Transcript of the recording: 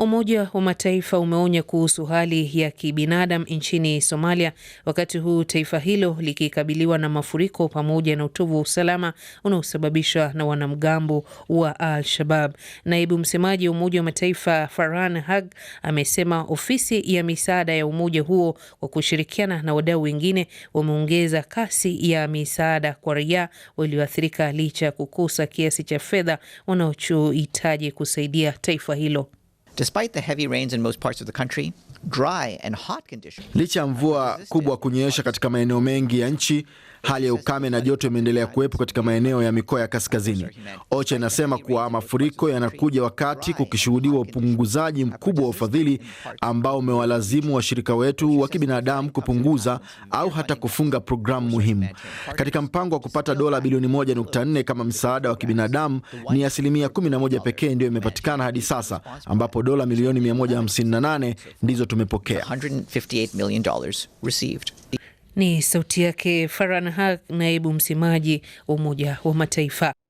Umoja wa Mataifa umeonya kuhusu hali ya kibinadamu nchini Somalia, wakati huu taifa hilo likikabiliwa na mafuriko pamoja na utovu wa usalama unaosababishwa na wanamgambo wa Al-Shabab. Naibu msemaji wa Umoja wa Mataifa Farhan Haq amesema ofisi ya misaada ya umoja huo kwa kushirikiana na wadau wengine wameongeza kasi ya misaada kwa raia walioathirika licha ya kukosa kiasi cha fedha wanachohitaji kusaidia taifa hilo. Despite the heavy rains in most parts of the country, dry and hot conditions. Licha ya mvua kubwa kunyesha katika maeneo mengi ya nchi, hali ya ukame na joto imeendelea kuwepo katika maeneo ya mikoa ya kaskazini. OCHA inasema kuwa mafuriko yanakuja wakati kukishuhudiwa upunguzaji mkubwa wa ufadhili ambao umewalazimu washirika wetu wa kibinadamu kupunguza au hata kufunga programu muhimu. Katika mpango wa kupata dola bilioni 1.4 kama msaada wa kibinadamu, ni asilimia 11 pekee ndiyo imepatikana hadi sasa ambapo dola milioni 158 ndizo tumepokea. Ni sauti yake Farhan Haq, naibu msemaji wa Umoja wa Mataifa.